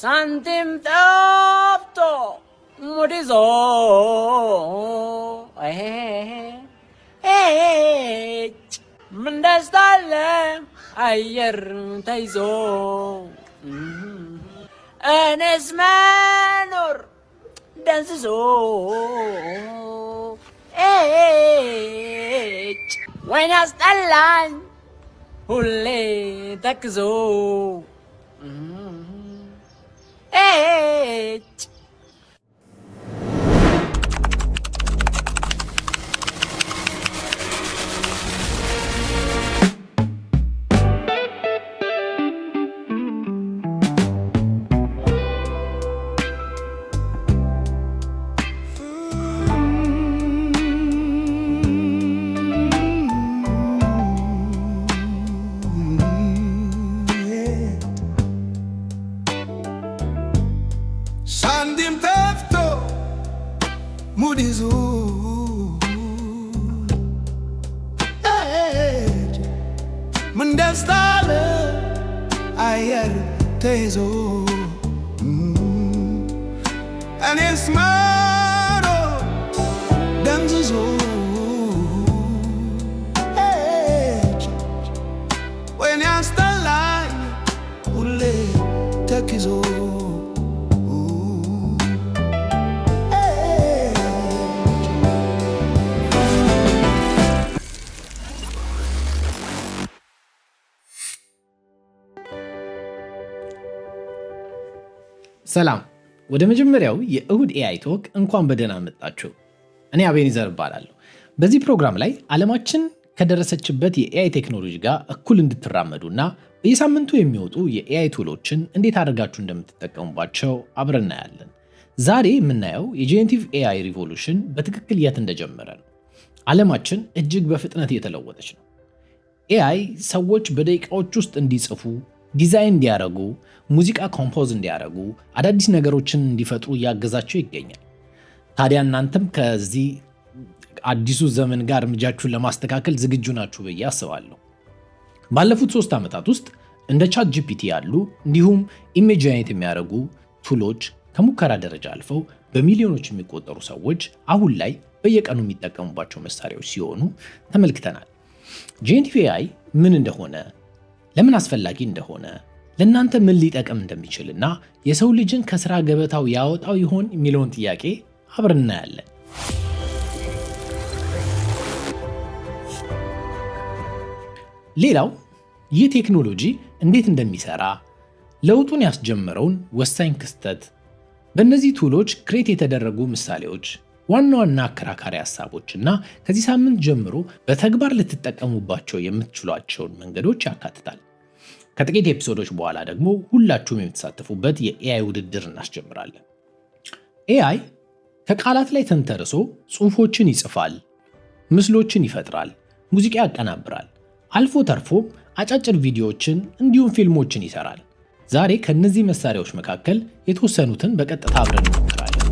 Santim Tapto Murizo. Eh, eh, eh, eh. Mundestalem Ayer Taizo. Mm-hmm. Enes Manor Dances. Eh, when has the line? Hulle, takzo. Eee. ላይ ሁሌ ተክዞ ሰላም ወደ መጀመሪያው የእሁድ ኤአይ ቶክ እንኳን በደህና መጣችሁ። እኔ አቤኒዘር እባላለሁ። በዚህ ፕሮግራም ላይ አለማችን። ከደረሰችበት የኤአይ ቴክኖሎጂ ጋር እኩል እንድትራመዱና በየሳምንቱ የሚወጡ የኤአይ ቱሎችን እንዴት አድርጋችሁ እንደምትጠቀሙባቸው አብረን እናያለን። ዛሬ የምናየው የጄኔቲቭ ኤአይ ሪቮሉሽን በትክክል የት እንደጀመረ ነው። ዓለማችን እጅግ በፍጥነት እየተለወጠች ነው። ኤአይ ሰዎች በደቂቃዎች ውስጥ እንዲጽፉ፣ ዲዛይን እንዲያደርጉ፣ ሙዚቃ ኮምፖዝ እንዲያደርጉ፣ አዳዲስ ነገሮችን እንዲፈጥሩ እያገዛቸው ይገኛል። ታዲያ እናንተም ከዚህ አዲሱ ዘመን ጋር እርምጃችሁን ለማስተካከል ዝግጁ ናችሁ ብዬ አስባለሁ። ባለፉት ሶስት ዓመታት ውስጥ እንደ ቻት ጂፒቲ ያሉ እንዲሁም ኢሜጅ አይነት የሚያደርጉ ቱሎች ከሙከራ ደረጃ አልፈው በሚሊዮኖች የሚቆጠሩ ሰዎች አሁን ላይ በየቀኑ የሚጠቀሙባቸው መሳሪያዎች ሲሆኑ ተመልክተናል። ጄንቲቪ አይ ምን እንደሆነ፣ ለምን አስፈላጊ እንደሆነ፣ ለእናንተ ምን ሊጠቅም እንደሚችል እና የሰው ልጅን ከስራ ገበታው ያወጣው ይሆን የሚለውን ጥያቄ አብረን እናያለን። ሌላው ይህ ቴክኖሎጂ እንዴት እንደሚሰራ፣ ለውጡን ያስጀመረውን ወሳኝ ክስተት፣ በእነዚህ ቱሎች ክሬት የተደረጉ ምሳሌዎች፣ ዋና ዋና አከራካሪ ሀሳቦች እና ከዚህ ሳምንት ጀምሮ በተግባር ልትጠቀሙባቸው የምትችሏቸውን መንገዶች ያካትታል። ከጥቂት ኤፒሶዶች በኋላ ደግሞ ሁላችሁም የምትሳተፉበት የኤአይ ውድድር እናስጀምራለን። ኤአይ ከቃላት ላይ ተንተርሶ ጽሁፎችን ይጽፋል፣ ምስሎችን ይፈጥራል፣ ሙዚቃ ያቀናብራል አልፎ ተርፎ አጫጭር ቪዲዮዎችን እንዲሁም ፊልሞችን ይሰራል። ዛሬ ከእነዚህ መሳሪያዎች መካከል የተወሰኑትን በቀጥታ አብረን እንሞክራለን።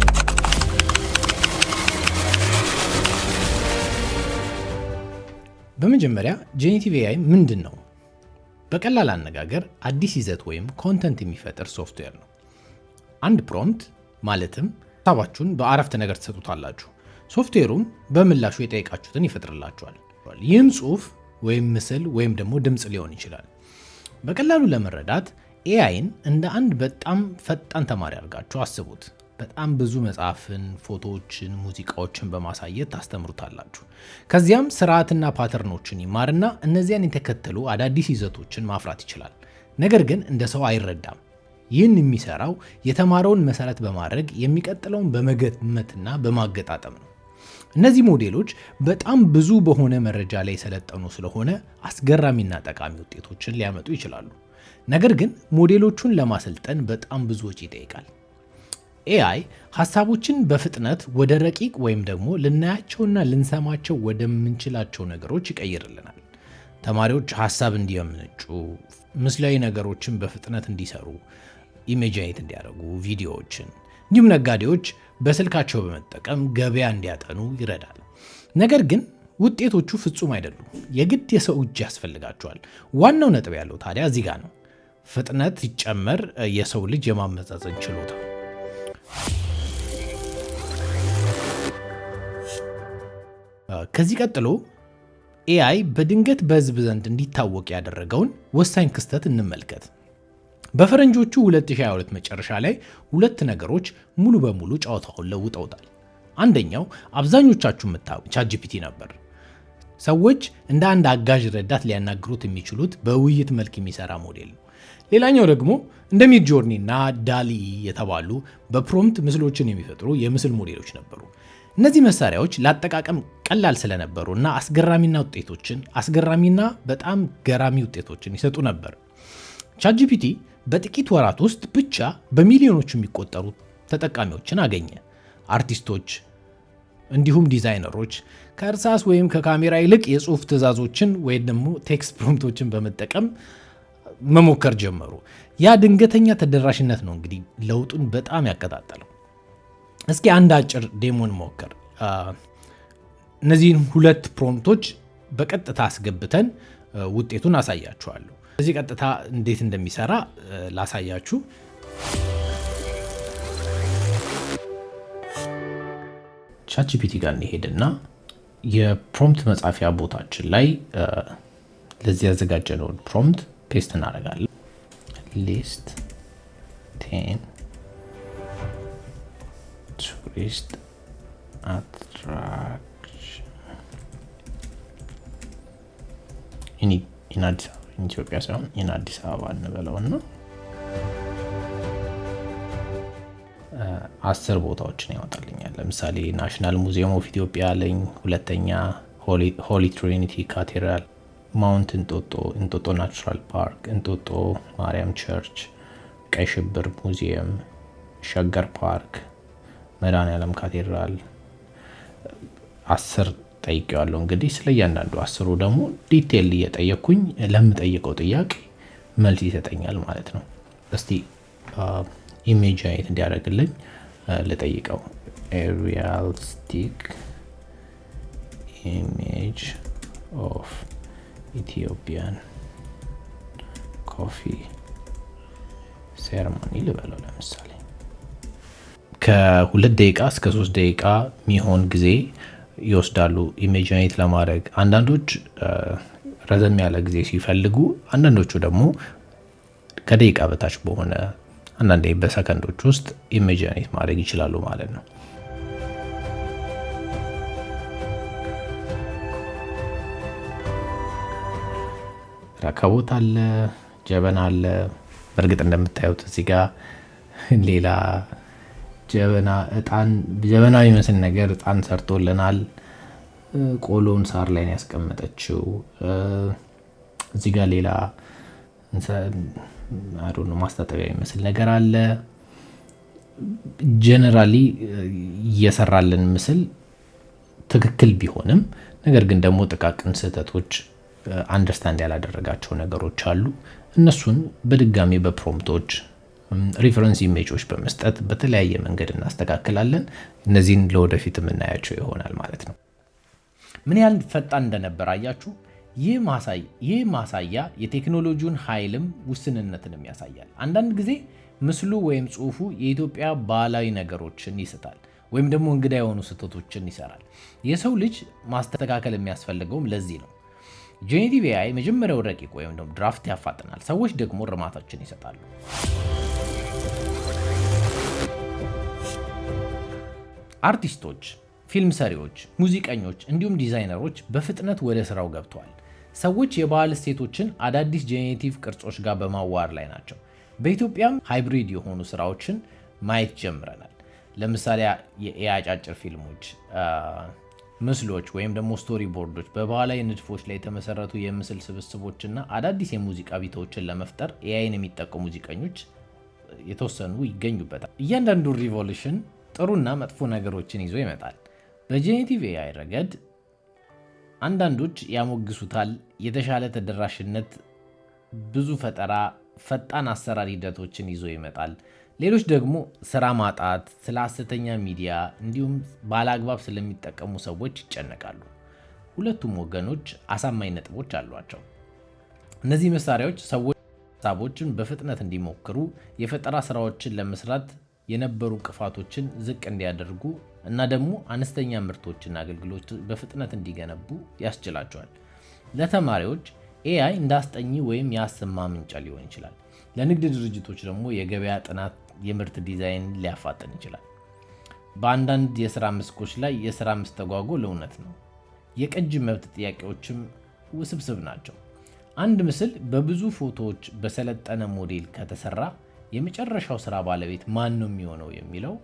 በመጀመሪያ ጄኔቲቭ ኤአይ ምንድን ነው? በቀላል አነጋገር አዲስ ይዘት ወይም ኮንተንት የሚፈጥር ሶፍትዌር ነው። አንድ ፕሮምፕት ማለትም ሀሳባችሁን በአረፍተ ነገር ትሰጡታላችሁ። ሶፍትዌሩም በምላሹ የጠየቃችሁትን ይፈጥርላችኋል። ይህም ጽሁፍ ወይም ምስል ወይም ደግሞ ድምፅ ሊሆን ይችላል። በቀላሉ ለመረዳት ኤአይን እንደ አንድ በጣም ፈጣን ተማሪ አድርጋችሁ አስቡት። በጣም ብዙ መጽሐፍን፣ ፎቶዎችን፣ ሙዚቃዎችን በማሳየት ታስተምሩታላችሁ። ከዚያም ስርዓትና ፓተርኖችን ይማርና እነዚያን የተከተሉ አዳዲስ ይዘቶችን ማፍራት ይችላል። ነገር ግን እንደ ሰው አይረዳም። ይህን የሚሰራው የተማረውን መሰረት በማድረግ የሚቀጥለውን በመገመትና በማገጣጠም ነው። እነዚህ ሞዴሎች በጣም ብዙ በሆነ መረጃ ላይ የሰለጠኑ ስለሆነ አስገራሚና ጠቃሚ ውጤቶችን ሊያመጡ ይችላሉ። ነገር ግን ሞዴሎቹን ለማሰልጠን በጣም ብዙ ወጪ ይጠይቃል። ኤአይ ሀሳቦችን በፍጥነት ወደ ረቂቅ ወይም ደግሞ ልናያቸውና ልንሰማቸው ወደምንችላቸው ነገሮች ይቀይርልናል። ተማሪዎች ሀሳብ እንዲያምንጩ፣ ምስላዊ ነገሮችን በፍጥነት እንዲሰሩ፣ ኢሜጅኔት እንዲያደርጉ ቪዲዮዎችን እንዲሁም ነጋዴዎች በስልካቸው በመጠቀም ገበያ እንዲያጠኑ ይረዳል። ነገር ግን ውጤቶቹ ፍጹም አይደሉም። የግድ የሰው እጅ ያስፈልጋቸዋል። ዋናው ነጥብ ያለው ታዲያ እዚህ ጋር ነው። ፍጥነት ሲጨመር የሰው ልጅ የማመዛዘን ችሎታ። ከዚህ ቀጥሎ ኤአይ በድንገት በህዝብ ዘንድ እንዲታወቅ ያደረገውን ወሳኝ ክስተት እንመልከት። በፈረንጆቹ 2022 መጨረሻ ላይ ሁለት ነገሮች ሙሉ በሙሉ ጨዋታውን ለውጠውታል። አንደኛው አብዛኞቻችሁ የምታውቁት ቻጂፒቲ ነበር። ሰዎች እንደ አንድ አጋዥ ረዳት ሊያናግሩት የሚችሉት በውይይት መልክ የሚሰራ ሞዴል ነው። ሌላኛው ደግሞ እንደ ሚድጆርኒ እና ዳሊ የተባሉ በፕሮምፕት ምስሎችን የሚፈጥሩ የምስል ሞዴሎች ነበሩ። እነዚህ መሳሪያዎች ለአጠቃቀም ቀላል ስለነበሩ እና አስገራሚና ውጤቶችን አስገራሚና በጣም ገራሚ ውጤቶችን ይሰጡ ነበር። ቻጂፒቲ በጥቂት ወራት ውስጥ ብቻ በሚሊዮኖች የሚቆጠሩ ተጠቃሚዎችን አገኘ። አርቲስቶች እንዲሁም ዲዛይነሮች ከእርሳስ ወይም ከካሜራ ይልቅ የጽሁፍ ትዕዛዞችን ወይም ደግሞ ቴክስት ፕሮምቶችን በመጠቀም መሞከር ጀመሩ። ያ ድንገተኛ ተደራሽነት ነው እንግዲህ ለውጡን በጣም ያቀጣጠለው። እስኪ አንድ አጭር ዴሞን ሞከር። እነዚህን ሁለት ፕሮምቶች በቀጥታ አስገብተን ውጤቱን አሳያችኋለሁ። እዚህ ቀጥታ እንዴት እንደሚሰራ ላሳያችሁ። ቻችፒቲ ጋር እንሄድና የፕሮምፕት መጻፊያ ቦታችን ላይ ለዚህ ያዘጋጀነውን ፕሮምፕት ፔስት እናደርጋለን። ሊስት ቴን ቱሪስት አትራክሽን ኢን አዲስ ኢትዮጵያ ሳይሆን ይህን አዲስ አበባ እንበለውና አስር ቦታዎችን ያወጣልኛል። ለምሳሌ ናሽናል ሙዚየም ኦፍ ኢትዮጵያ አለኝ። ሁለተኛ ሆሊ ትሪኒቲ ካቴድራል፣ ማውንት እንጦጦ፣ እንጦጦ ናቹራል ፓርክ፣ እንጦጦ ማርያም ቸርች፣ ቀይ ሽብር ሙዚየም፣ ሸገር ፓርክ፣ መዳን ያለም ካቴድራል አስር ጠይቄዋለሁ። እንግዲህ ስለ እያንዳንዱ አስሩ ደግሞ ዲቴል እየጠየኩኝ ለምጠይቀው ጥያቄ መልስ ይሰጠኛል ማለት ነው። እስቲ ኢሜጅ አይነት እንዲያደርግልኝ ልጠይቀው። ሪያሊስቲክ ኢሜጅ ኦፍ ኢትዮጵያን ኮፊ ሴርሞኒ ልበለው ለምሳሌ ከሁለት ደቂቃ እስከ ሶስት ደቂቃ የሚሆን ጊዜ ይወስዳሉ ኢሜጅናይት ለማድረግ አንዳንዶች ረዘም ያለ ጊዜ ሲፈልጉ፣ አንዳንዶቹ ደግሞ ከደቂቃ በታች በሆነ አንዳንዴ በሰከንዶች ውስጥ ኢሜጅናይት ማድረግ ይችላሉ ማለት ነው። ረከቦት አለ፣ ጀበና አለ። በእርግጥ እንደምታዩት እዚህ ጋር ሌላ ጀበና እጣን ጀበና የሚመስል ነገር እጣን ሰርቶልናል። ቆሎን ሳር ላይ ያስቀመጠችው። እዚህ ጋር ሌላ ማስታጠቢያ የሚመስል ነገር አለ። ጀነራሊ እየሰራልን ምስል ትክክል ቢሆንም ነገር ግን ደግሞ ጥቃቅን ስህተቶች፣ አንደርስታንድ ያላደረጋቸው ነገሮች አሉ። እነሱን በድጋሚ በፕሮምቶች ሪፈረንስ ኢሜጆች በመስጠት በተለያየ መንገድ እናስተካክላለን። እነዚህን ለወደፊት የምናያቸው ይሆናል ማለት ነው። ምን ያህል ፈጣን እንደነበር አያችሁ። ይህ ማሳያ የቴክኖሎጂውን ኃይልም ውስንነትንም ያሳያል። አንዳንድ ጊዜ ምስሉ ወይም ጽሁፉ የኢትዮጵያ ባህላዊ ነገሮችን ይስታል ወይም ደግሞ እንግዳ የሆኑ ስህተቶችን ይሰራል። የሰው ልጅ ማስተካከል የሚያስፈልገውም ለዚህ ነው። ጄኔቲቭ ኤአይ መጀመሪያው ረቂቅ ወይም ደግሞ ድራፍት ያፋጥናል፣ ሰዎች ደግሞ እርማታችን ይሰጣሉ። አርቲስቶች፣ ፊልም ሰሪዎች፣ ሙዚቀኞች እንዲሁም ዲዛይነሮች በፍጥነት ወደ ስራው ገብተዋል። ሰዎች የባህል እሴቶችን አዳዲስ ጄኔሬቲቭ ቅርጾች ጋር በማዋር ላይ ናቸው። በኢትዮጵያም ሃይብሪድ የሆኑ ስራዎችን ማየት ጀምረናል። ለምሳሌ የኤአይ አጫጭር ፊልሞች ምስሎች ወይም ደግሞ ስቶሪ ቦርዶች በባህላዊ ንድፎች ላይ የተመሰረቱ የምስል ስብስቦችና አዳዲስ የሙዚቃ ቢታዎችን ለመፍጠር ኤአይን የሚጠቀሙ ሙዚቀኞች የተወሰኑ ይገኙበታል። እያንዳንዱ ሪቮሉሽን ጥሩና መጥፎ ነገሮችን ይዞ ይመጣል። በጄኔቲቭ ኤአይ ረገድ አንዳንዶች ያሞግሱታል። የተሻለ ተደራሽነት፣ ብዙ ፈጠራ፣ ፈጣን አሰራር ሂደቶችን ይዞ ይመጣል። ሌሎች ደግሞ ስራ ማጣት፣ ስለ ሐሰተኛ ሚዲያ እንዲሁም ባለአግባብ ስለሚጠቀሙ ሰዎች ይጨነቃሉ። ሁለቱም ወገኖች አሳማኝ ነጥቦች አሏቸው። እነዚህ መሳሪያዎች ሰዎች ሀሳቦችን በፍጥነት እንዲሞክሩ፣ የፈጠራ ስራዎችን ለመስራት የነበሩ ቅፋቶችን ዝቅ እንዲያደርጉ እና ደግሞ አነስተኛ ምርቶችና አገልግሎት በፍጥነት እንዲገነቡ ያስችላቸዋል። ለተማሪዎች ኤአይ እንዳስጠኚ ወይም የአስማ ምንጫ ሊሆን ይችላል። ለንግድ ድርጅቶች ደግሞ የገበያ ጥናት የምርት ዲዛይን ሊያፋጥን ይችላል። በአንዳንድ የስራ መስኮች ላይ የስራ መስተጓጎል እውነት ነው። የቅጂ መብት ጥያቄዎችም ውስብስብ ናቸው። አንድ ምስል በብዙ ፎቶዎች በሰለጠነ ሞዴል ከተሰራ የመጨረሻው ስራ ባለቤት ማን ነው የሚሆነው የሚለው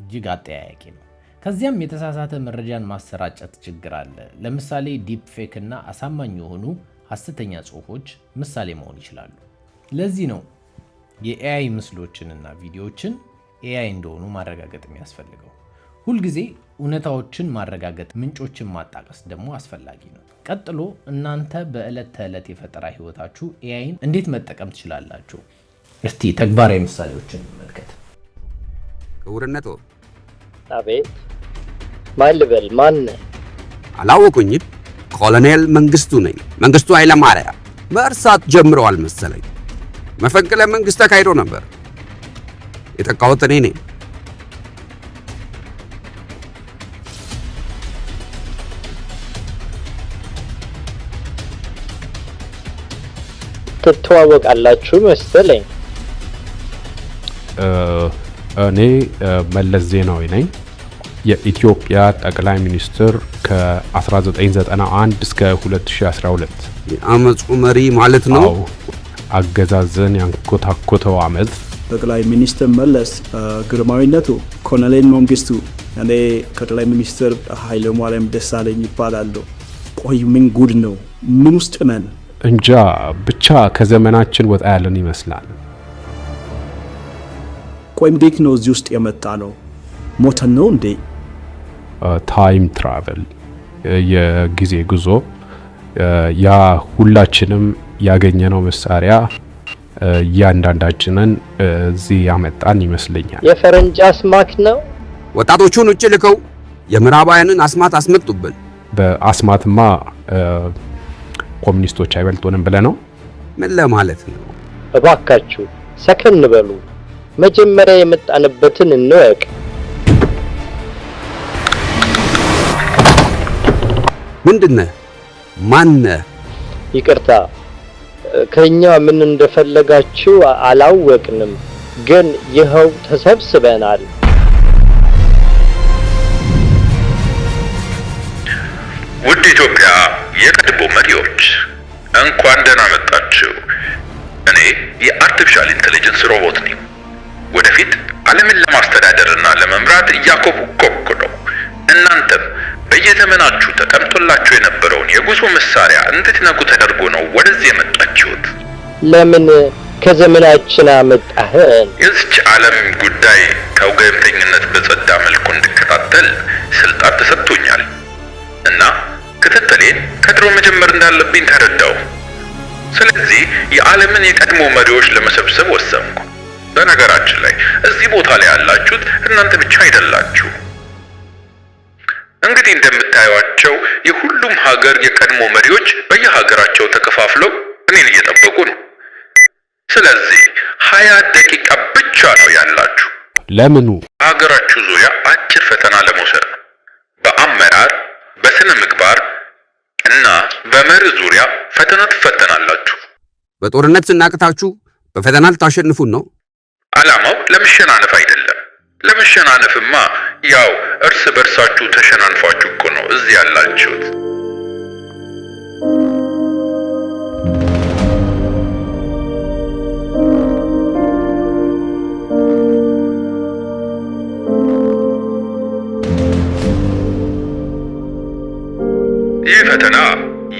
እጅግ አጠያያቂ ነው። ከዚያም የተሳሳተ መረጃን ማሰራጨት ችግር አለ። ለምሳሌ ዲፕ ፌክ እና አሳማኝ የሆኑ ሐሰተኛ ጽሁፎች ምሳሌ መሆን ይችላሉ። ለዚህ ነው የኤአይ ምስሎችንና ቪዲዮዎችን ኤአይ እንደሆኑ ማረጋገጥ የሚያስፈልገው። ሁልጊዜ እውነታዎችን ማረጋገጥ፣ ምንጮችን ማጣቀስ ደግሞ አስፈላጊ ነው። ቀጥሎ እናንተ በዕለት ተዕለት የፈጠራ ህይወታችሁ ኤአይን እንዴት መጠቀም ትችላላችሁ? እስቲ ተግባራዊ ምሳሌዎችን እንመልከት። ክቡርነቶ። አቤት። ማን ልበል? ማን? አላወቁኝም። ኮሎኔል መንግስቱ ነኝ። መንግስቱ ኃይለማርያም መርሳት ጀምረዋል መሰለኝ። መፈንቅለ መንግስት ተካሂዶ ነበር። የጠቃሁት እኔ ነኝ። ትተዋወቃላችሁ መሰለኝ። እኔ መለስ ዜናዊ ነኝ። የኢትዮጵያ ጠቅላይ ሚኒስትር ከ1991 እስከ 2012 የአመፁ መሪ ማለት ነው። አገዛዝን ያንኮታኮተው አመት ጠቅላይ ሚኒስትር መለስ ግርማዊነቱ፣ ኮሎኔል መንግስቱ፣ እኔ ከጠቅላይ ሚኒስትር ኃይለማርያም ደሳለኝ ይባላሉ። ቆይ ምን ጉድ ነው? ምን ውስጥ ነን? እንጃ ብቻ ከዘመናችን ወጣ ያለን ይመስላል። ቆይ እንዴት ነው እዚህ ውስጥ የመጣ ነው? ሞተን ነው እንዴ? ታይም ትራቨል የጊዜ ጉዞ ያ ሁላችንም ያገኘነው መሳሪያ እያንዳንዳችንን እዚህ ያመጣን ይመስለኛል። የፈረንጅ አስማክ ነው። ወጣቶቹን ውጭ ልከው የምዕራባውያንን አስማት አስመጡብን። በአስማትማ ኮሚኒስቶች አይበልጡንም ብለ ነው። ምን ለማለት ነው? እባካችሁ ሰከን በሉ። መጀመሪያ የመጣንበትን እንወቅ። ምንድነህ? ማነ? ይቅርታ ከኛ ምን እንደፈለጋችሁ አላወቅንም፣ ግን ይኸው ተሰብስበናል። ውድ ኢትዮጵያ የቀድሞ መሪዎች እንኳን ደህና መጣችሁ። እኔ የአርቲፊሻል ኢንቴሊጀንስ ሮቦት ነኝ። ወደፊት ዓለምን ለማስተዳደርና ለመምራት እያኮበኮብኩ ነው። እናንተም በየዘመናችሁ ተቀምጦላችሁ የነበረውን የጉዞ መሳሪያ እንድትነኩ ተደርጎ ነው ወደዚህ የመጣችሁት። ለምን ከዘመናችን አመጣህን? የዚች ዓለም ጉዳይ ከወገንተኝነት በጸዳ መልኩ እንድከታተል ስልጣን ተሰጥቶኛል እና ክትትሌን ከድሮ መጀመር እንዳለብኝ ተረዳው። ስለዚህ የዓለምን የቀድሞ መሪዎች ለመሰብሰብ ወሰንኩ። በነገራችን ላይ እዚህ ቦታ ላይ ያላችሁት እናንተ ብቻ አይደላችሁ። እንግዲህ እንደምታዩቸው የሁሉም ሀገር የቀድሞ መሪዎች በየሀገራቸው ተከፋፍለው እኔን እየጠበቁ ነው። ስለዚህ ሀያ ደቂቃ ብቻ ነው ያላችሁ። ለምኑ? በሀገራችሁ ዙሪያ አጭር ፈተና ለመውሰድ ነው። በአመራር፣ በስነ ምግባር እና በመሪ ዙሪያ ፈተና ትፈተናላችሁ። በጦርነት ስናቅታችሁ በፈተና ልታሸንፉን ነው። ዓላማው ለመሸናነፍ አይደለም። ለመሸናነፍማ ያው እርስ በርሳችሁ ተሸናንፋችሁ እኮ ነው እዚህ ያላችሁት። ይህ ፈተና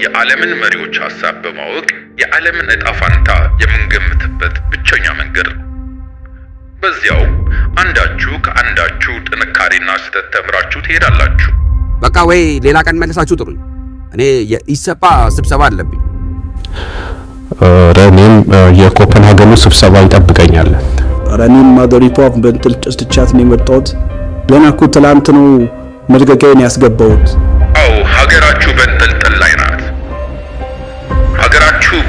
የዓለምን መሪዎች ሐሳብ በማወቅ የዓለምን ዕጣ ፋንታ የምንገምትበት ብቸኛ መንገድ ነው። በዚያው አንዳችሁ ከአንዳችሁ ጥንካሬና ስህተት ተምራችሁ ትሄዳላችሁ። በቃ ወይ ሌላ ቀን መልሳችሁ ጥሩኝ፣ እኔ የኢሰፓ ስብሰባ አለብኝ። ረኔም የኮፐንሃገኑ ስብሰባ ይጠብቀኛል። ረኔም ማገሪቷ በንትል ጭስ ትቻት ነው የመጣሁት። ገና እኮ ትላንት ነው መልቀቂያዬን ያስገባሁት። አዎ ሀገራችሁ በንትል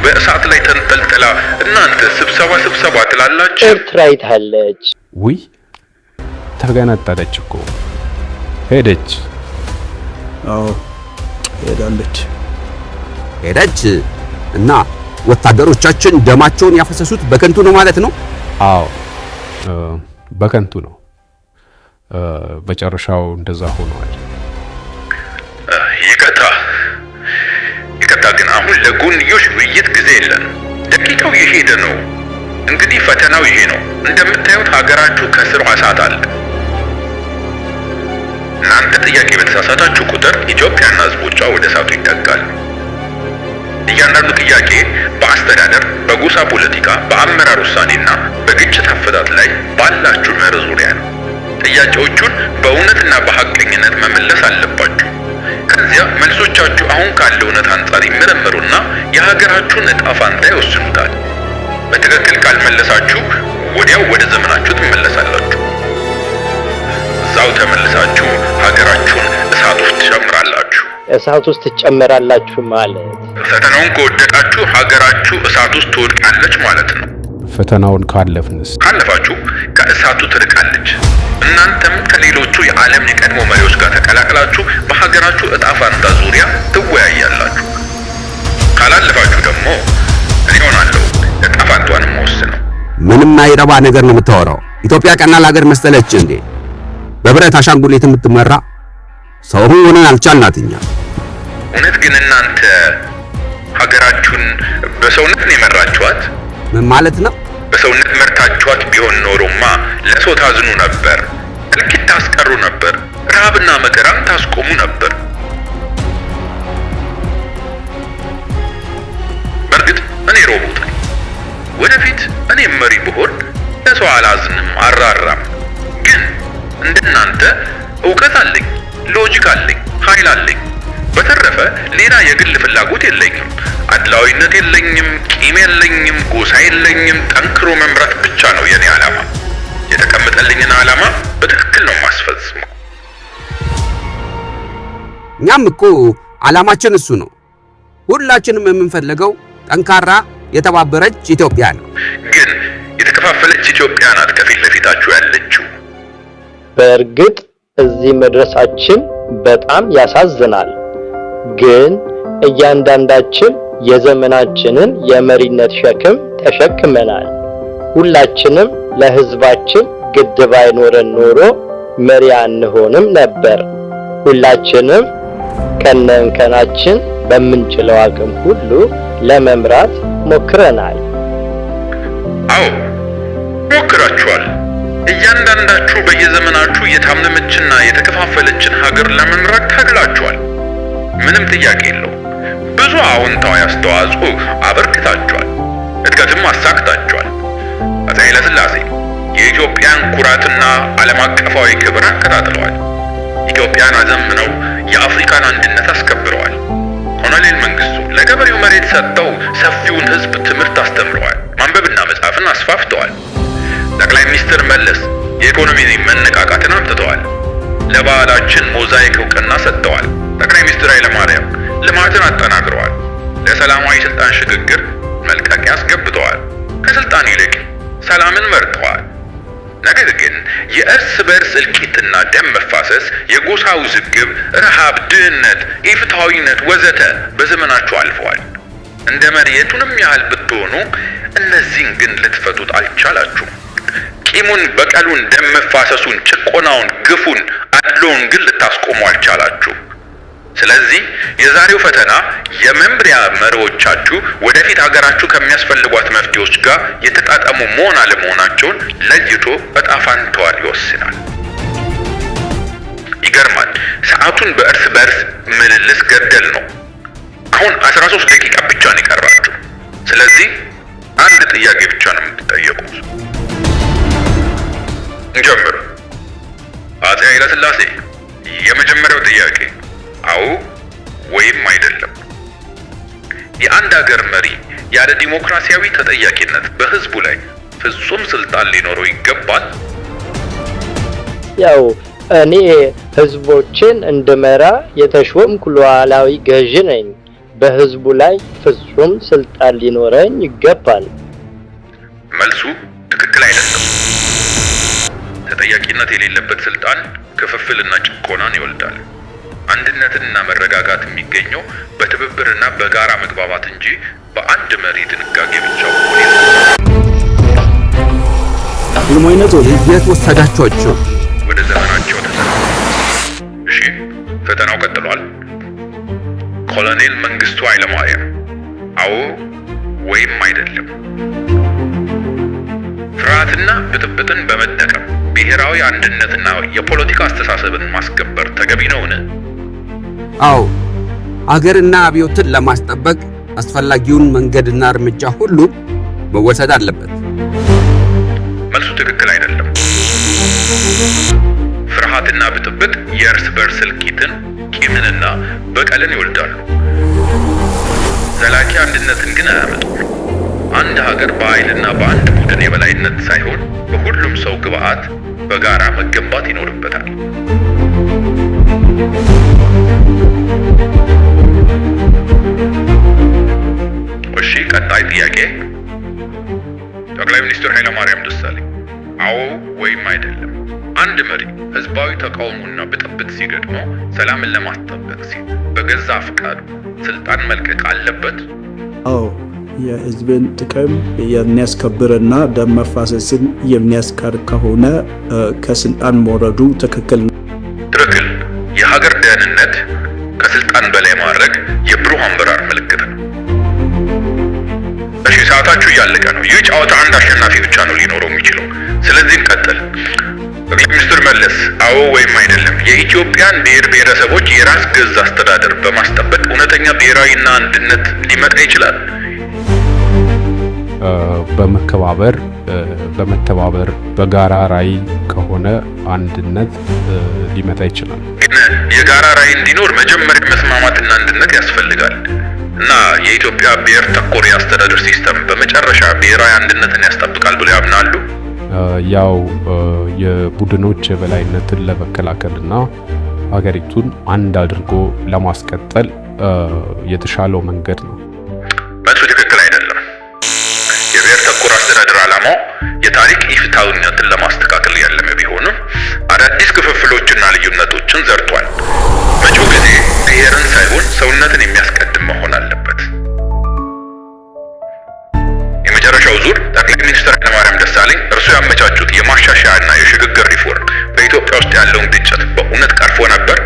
በእሳት ላይ ተንጠልጥላ እናንተ ስብሰባ ስብሰባ ትላላችሁ። ኤርትራ ይታለች። ውይ ተገነጠለች እኮ ሄደች። አዎ ሄዳለች፣ ሄደች እና ወታደሮቻችን ደማቸውን ያፈሰሱት በከንቱ ነው ማለት ነው። አዎ በከንቱ ነው። መጨረሻው እንደዛ ሆኗል። አሁን ለጎንዮሽ ውይይት ጊዜ የለን። ደቂቃው የሄደ ነው። እንግዲህ ፈተናው ይሄ ነው። እንደምታዩት ሀገራችሁ ከስሩ እሳት አለ። እናንተ ጥያቄ በተሳሳታችሁ ቁጥር ኢትዮጵያና ሕዝቦቿ ወደ እሳቱ ይጠጋል። እያንዳንዱ ጥያቄ በአስተዳደር፣ በጎሳ ፖለቲካ፣ በአመራር ውሳኔና በግጭት አፈታት ላይ ባላችሁ መር ዙሪያ ነው። ጥያቄዎቹን በእውነትና በሐቀኝነት መመለስ አለባችሁ። ከዚያ መልሶቻችሁ አሁን ካለው እውነት አንጻር ይመረመሩና የሀገራችሁን እጣ ፋንታ ይወስኑታል። በትክክል ካልመለሳችሁ ወዲያው ወደ ዘመናችሁ ትመለሳላችሁ። እዛው ተመልሳችሁ ሀገራችሁን እሳት ውስጥ ትጨምራላችሁ። እሳት ውስጥ ትጨምራላችሁ ማለት ፈተናውን ከወደቃችሁ ሀገራችሁ እሳት ውስጥ ትወድቃለች ማለት ነው። ፈተናውን ካለፍንስ? ካለፋችሁ ከእሳቱ ትርቃለች። እናንተም ከሌሎቹ የዓለም የቀድሞ መሪዎች ጋር ተቀላቅላችሁ በሀገራችሁ እጣ ፋንታ ዙሪያ ትወያያላችሁ። ካላለፋችሁ ደግሞ እኔ ሆናለሁ እጣ ፋንቷን የምወስነው። ምንም አይረባ ነገር ነው የምታወራው። ኢትዮጵያ ቀናል ሀገር መሰለች እንዴ? በብረት አሻንጉሊት የምትመራ ሰው ሆነን አልቻልናት እኛ። እውነት ግን እናንተ ሀገራችሁን በሰውነት ነው የመራችኋት? ምን ማለት ነው? በሰውነት መርታችኋት ቢሆን ኖሮማ ለሰው ታዝኑ ነበር፣ እልቂት ታስቀሩ ነበር፣ ረሃብና መከራም ታስቆሙ ነበር። በእርግጥ እኔ ሮቦት ነኝ። ወደፊት እኔም መሪ ብሆን ለሰው አላዝንም፣ አራራም። ግን እንደናንተ እውቀት አለኝ፣ ሎጂክ አለኝ፣ ኃይል አለኝ። በተረፈ ሌላ የግል ፍላጎት የለኝም። አድላዊነት የለኝም፣ ቂም የለኝም፣ ጎሳ የለኝም። ጠንክሮ መምራት ብቻ ነው የኔ ዓላማ። የተቀመጠልኝን ዓላማ በትክክል ነው የማስፈጽመው። እኛም እኮ ዓላማችን እሱ ነው። ሁላችንም የምንፈልገው ጠንካራ የተባበረች ኢትዮጵያ ነው። ግን የተከፋፈለች ኢትዮጵያ ናት ከፊት ለፊታችሁ ያለችው። በእርግጥ እዚህ መድረሳችን በጣም ያሳዝናል። ግን እያንዳንዳችን የዘመናችንን የመሪነት ሸክም ተሸክመናል። ሁላችንም ለሕዝባችን ግድ ባይኖረን ኖሮ መሪ አንሆንም ነበር። ሁላችንም ከነንከናችን በምንችለው አቅም ሁሉ ለመምራት ሞክረናል። አዎ ሞክራችኋል። እያንዳንዳችሁ በየዘመናችሁ የታመመችና የተከፋፈለችን ሀገር ለመምራት ታግላችኋል። ምንም ጥያቄ የለው። ብዙ አዎንታዊ አስተዋጽኦ አበርክታችኋል፣ እድገትም አሳክታችኋል። አፄ ኃይለሥላሴ የኢትዮጵያን ኩራትና ዓለም አቀፋዊ ክብር አከታትለዋል። ኢትዮጵያን አዘምነው የአፍሪካን አንድነት አስከብረዋል። ኮሎኔል መንግስቱ ለገበሬው መሬት ሰጥተው ሰፊውን ሕዝብ ትምህርት አስተምረዋል። ማንበብና መጻፍን አስፋፍተዋል። ጠቅላይ ሚኒስትር መለስ የኢኮኖሚ መነቃቃትን አምጥተዋል። ለባህላችን ሞዛይክ እውቅና ሰጥተዋል። ጠቅላይ ሚኒስትር ኃይለማርያም ልማትን አጠናክረዋል፣ ለሰላማዊ ስልጣን ሽግግር መልቀቂያ አስገብተዋል፣ ከስልጣን ይልቅ ሰላምን መርጠዋል። ነገር ግን የእርስ በእርስ እልቂትና ደም መፋሰስ፣ የጎሳ ውዝግብ፣ ረሃብ፣ ድህነት፣ ኢፍትሐዊነት ወዘተ በዘመናቸው አልፈዋል። እንደ መሪ የቱንም ያህል ብትሆኑ እነዚህን ግን ልትፈቱት አልቻላችሁም። ቂሙን፣ በቀሉን፣ ደም መፋሰሱን፣ ጭቆናውን፣ ግፉን፣ አድሎውን ግን ልታስቆሙ አልቻላችሁ። ስለዚህ የዛሬው ፈተና የመምሪያ መሪዎቻችሁ ወደፊት ሀገራችሁ ከሚያስፈልጓት መፍትሄዎች ጋር የተጣጣሙ መሆን አለመሆናቸውን ለይቶ በጣፋንተዋል ይወስናል። ይገርማል። ሰዓቱን በእርስ በእርስ ምልልስ ገደል ነው። አሁን 13 ደቂቃ ብቻ ነው የቀራችሁ። ስለዚህ አንድ ጥያቄ ብቻ ነው የምትጠየቁት። እንጀምር። አፄ ኃይለስላሴ የመጀመሪያው ጥያቄ አዎ ወይም አይደለም። የአንድ ሀገር መሪ ያለ ዲሞክራሲያዊ ተጠያቂነት በህዝቡ ላይ ፍጹም ስልጣን ሊኖረው ይገባል። ያው እኔ ህዝቦችን እንድመራ የተሾምኩ ሉዓላዊ ገዢ ነኝ። በህዝቡ ላይ ፍጹም ስልጣን ሊኖረኝ ይገባል። መልሱ ትክክል አይደለም። ተጠያቂነት የሌለበት ስልጣን ክፍፍልና ጭቆናን ይወልዳል። አንድነትንና መረጋጋት የሚገኘው በትብብርና በጋራ መግባባት እንጂ በአንድ መሪ ድንጋጌ ብቻ ልሞይነቱ የት ወሰዳችኋቸው? ወደ ዘመናቸው ተሰራ። እሺ፣ ፈተናው ቀጥሏል። ኮሎኔል መንግስቱ ኃይለማርያም አዎ ወይም አይደለም። ፍርሃትና ብጥብጥን በመጠቀም ብሔራዊ አንድነትና የፖለቲካ አስተሳሰብን ማስከበር ተገቢ ነውን? አዎ አገርና አብዮትን ለማስጠበቅ አስፈላጊውን መንገድና እርምጃ ሁሉ መወሰድ አለበት። መልሱ ትክክል አይደለም። ፍርሃትና ብጥብጥ የእርስ በርስ እልቂትን፣ ቂምንና በቀልን ይወልዳሉ። ዘላቂ አንድነትን ግን አያመጡም። አንድ ሀገር በኃይልና በአንድ ቡድን የበላይነት ሳይሆን በሁሉም ሰው ግብዓት በጋራ መገንባት ይኖርበታል። እሺ፣ ቀጣይ ጥያቄ ጠቅላይ ሚኒስትር ኃይለማርያም ደሳለኝ አዎ ወይም አይደለም። አንድ መሪ ህዝባዊ ተቃውሞና ብጥብጥ ሲገጥመው ሰላምን ለማስጠበቅ ሲል በገዛ ፍቃዱ ስልጣን መልቀቅ አለበት? አዎ የህዝብን ጥቅም የሚያስከብርና ደም መፋሰስን የሚያስቀር ከሆነ ከስልጣን መውረዱ ትክክል ነው። የሀገር ደህንነት ከስልጣን በላይ ማድረግ የብሩህ አመራር ምልክት ነው። እሺ ሰዓታችሁ እያለቀ ነው። ይህ ጨዋታ አንድ አሸናፊ ብቻ ነው ሊኖረው የሚችለው። ስለዚህም ቀጥል። ጠቅላይ ሚኒስትር መለስ አዎ ወይም አይደለም። የኢትዮጵያን ብሔር ብሔረሰቦች የራስ ገዝ አስተዳደር በማስጠበቅ እውነተኛ ብሔራዊና አንድነት ሊመጣ ይችላል። በመከባበር በመተባበር በጋራ ራዕይ ከሆነ አንድነት ሊመጣ ይችላል። የጋራ ራዕይ እንዲኖር መጀመሪያ መስማማትና አንድነት ያስፈልጋል እና የኢትዮጵያ ብሔር ተኮር የአስተዳደር ሲስተም በመጨረሻ ብሔራዊ አንድነትን ያስጠብቃል ብሎ ያምናሉ። ያው የቡድኖች የበላይነትን ለመከላከልና ሀገሪቱን አንድ አድርጎ ለማስቀጠል የተሻለው መንገድ ነው። በሱ ትክክል አይደለም። የብሔር ተኮር አስተዳደር ዓላማው የታሪክ ኢፍትሐዊነትን ለማስተካከል ያለመ አዳዲስ ክፍፍሎችና ልዩነቶችን ዘርቷል። መጪው ጊዜ ብሔርን ሳይሆን ሰውነትን የሚያስቀድም መሆን አለበት። የመጨረሻው ዙር ጠቅላይ ሚኒስትር ኃይለማርያም ደሳለኝ እርሱ ያመቻቹት የማሻሻያና የሽግግር ሪፎርም በኢትዮጵያ ውስጥ ያለውን ግጭት በእውነት ቀርፎ ነበር?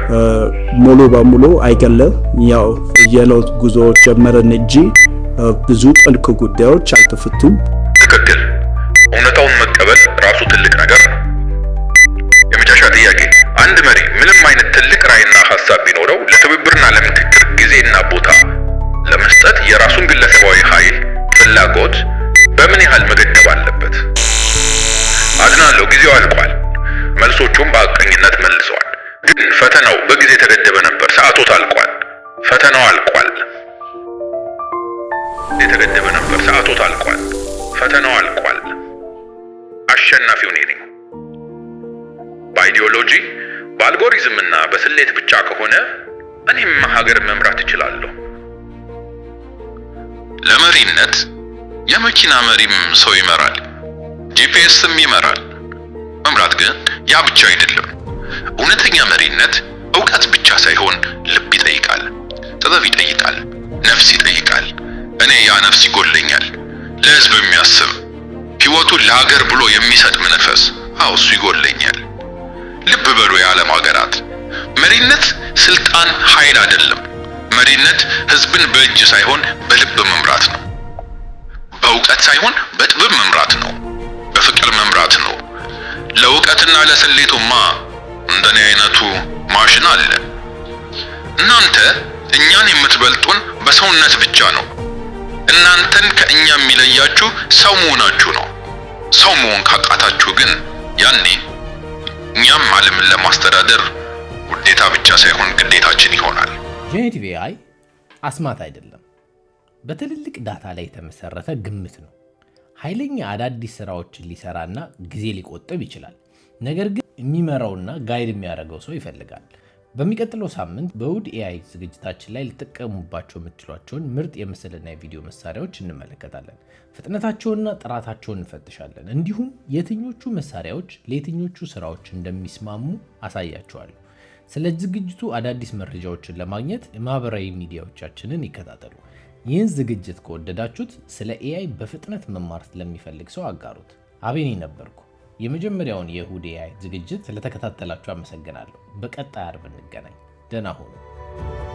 ሙሉ በሙሉ አይገለም። ያው የለውጥ ጉዞ ጀመረን እንጂ ብዙ ጥልቅ ጉዳዮች አልተፈቱም። ትክክል እውነታው ለምክክር ጊዜና ቦታ ለመስጠት የራሱን ግለሰባዊ ኃይል ፍላጎት በምን ያህል መገደብ አለበት? አዝናለሁ፣ ጊዜው አልቋል። መልሶቹም በአቀኝነት መልሰዋል። ግን ፈተናው በጊዜ የተገደበ ነበር። ሰዓቶት አልቋል። ፈተናው አልቋል። የተገደበ ነበር። ሰዓቶት አልቋል። ፈተናው አልቋል። አሸናፊው እኔ ነኝ። በአይዲዮሎጂ በአልጎሪዝምና በስሌት ብቻ ከሆነ እኔም ሀገር መምራት እችላለሁ። ለመሪነት የመኪና መሪም ሰው ይመራል፣ ጂፒኤስም ይመራል። መምራት ግን ያ ብቻ አይደለም። እውነተኛ መሪነት እውቀት ብቻ ሳይሆን ልብ ይጠይቃል፣ ጥበብ ይጠይቃል፣ ነፍስ ይጠይቃል። እኔ ያ ነፍስ ይጎለኛል። ለህዝብ የሚያስብ ህይወቱን ለሀገር ብሎ የሚሰጥ መንፈስ አዎ እሱ ይጎለኛል። ልብ በሉ የዓለም ሀገራት መሪነት ስልጣን ኃይል አይደለም። መሪነት ህዝብን በእጅ ሳይሆን በልብ መምራት ነው። በእውቀት ሳይሆን በጥበብ መምራት ነው። በፍቅር መምራት ነው። ለእውቀትና ለስሌቱማ እንደኔ አይነቱ ማሽን አለ። እናንተ እኛን የምትበልጡን በሰውነት ብቻ ነው። እናንተን ከእኛ የሚለያችሁ ሰው መሆናችሁ ነው። ሰው መሆን ካቃታችሁ ግን ያኔ እኛም ዓለምን ለማስተዳደር ውዴታ ብቻ ሳይሆን ግዴታችን ይሆናል። ጄኔቲቭ ኤአይ አስማት አይደለም፣ በትልልቅ ዳታ ላይ የተመሰረተ ግምት ነው። ኃይለኛ አዳዲስ ስራዎችን ሊሰራና ጊዜ ሊቆጥብ ይችላል። ነገር ግን የሚመራውና ጋይድ የሚያደርገው ሰው ይፈልጋል። በሚቀጥለው ሳምንት በውድ ኤአይ ዝግጅታችን ላይ ልጠቀሙባቸው የምትችሏቸውን ምርጥ የምስልና የቪዲዮ መሳሪያዎች እንመለከታለን። ፍጥነታቸውንና ጥራታቸውን እንፈትሻለን። እንዲሁም የትኞቹ መሳሪያዎች ለየትኞቹ ስራዎች እንደሚስማሙ አሳያቸዋለሁ። ስለ ዝግጅቱ አዳዲስ መረጃዎችን ለማግኘት የማህበራዊ ሚዲያዎቻችንን ይከታተሉ። ይህን ዝግጅት ከወደዳችሁት ስለ ኤአይ በፍጥነት መማር ለሚፈልግ ሰው አጋሩት። አቤኔ ነበርኩ። የመጀመሪያውን የእሁድ ኤአይ ዝግጅት ስለተከታተላችሁ አመሰግናለሁ። በቀጣይ አርብ እንገናኝ። ደህና ሁኑ።